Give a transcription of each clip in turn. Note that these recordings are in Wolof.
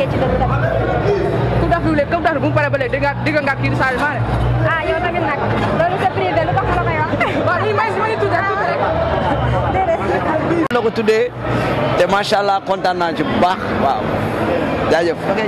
nekkee ci loolu tamit. ku def lu léegi comme daf bu mu paree ba léegi dégg nga dégg ah, de. lu tax ma la koy wax. ma ñu tuddee tuuti rek. déedéet. la ko tuddee te macha allah kontaan naa ci bu baax waaw jaajëf. ok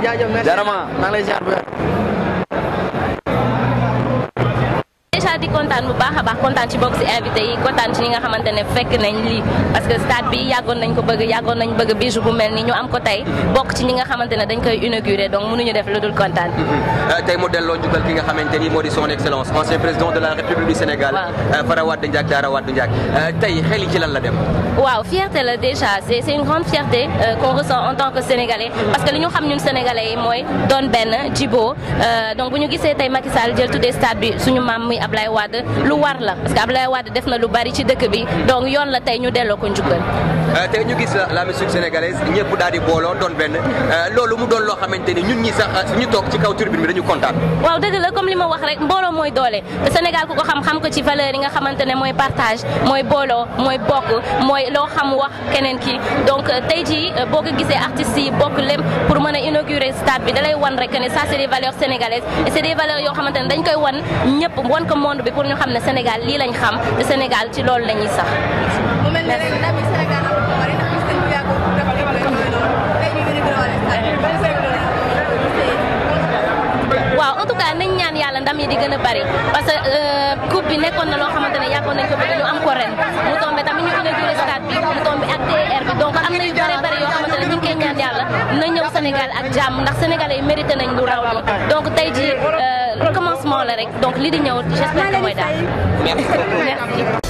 dèjà di kontaan bu baax a baax kontaan ci bokk si invité yi kontaan ci ñi nga xamante fekk nañ lii parce que stade bi yàggoon nañ ko bëgg yàggoon nañ bëgg bijou bu mel ni ñu am ko tey bokk ci ñi nga xamante dañ koy inauguré donc mënuñu def lu dul kontaan mm-hmm. euh, tey mu delloo ki nga xamante ni moo son excellence ancien président de la république du Sénégal euh, Fara Wade Ndiack euh, tey xel ci lan la dem waaw fierté la déjà c'est une grande fierté qu'on Ablaye Wade lu war la parce que Ablaye Wade def na lu bari ci dëkk bi donc la tey ñu delloo ko njukkal. Euh, tey ñu gis la musique sénégalaise ñëpp daal di booloo doon benn euh, loolu mu doon loo xamante ni ñun ñi sax ñu toog ci kaw tribune bi dañu kontaan. waaw dëgg la comme li ma wax rek mbooloo mooy doole te Sénégal ku ko xam xam ko ci valeur yi nga xamante ne mooy partage mooy booloo mooy bokk mooy loo xam wax keneen ki donc tey jii boo ko gisee artistes yi bokk lem pour mën stade bi dalay won rek ne sa c' est des valeurs sénégalaises et c' est yoo xamante dañ koy wan ñëpp wan ko monde bi pour ñu xam ne Sénégal lii lañ xam te ci loolu la ñuy sax. waaw en nañ ñaan yàlla ndam yi di gën a bari parce que euh, coupe bi nekkoon na loo xamante ne nañ ko bëgg ñu am ko ren mu tombé tamit ñu inauguré stade bi. na ñëw Sénégal ak jàmm ndax sénégalais yi mérité nañ lu raw donc tey jii recommencement euh, la rek donc li di ñëw j'espère que mooy daal merci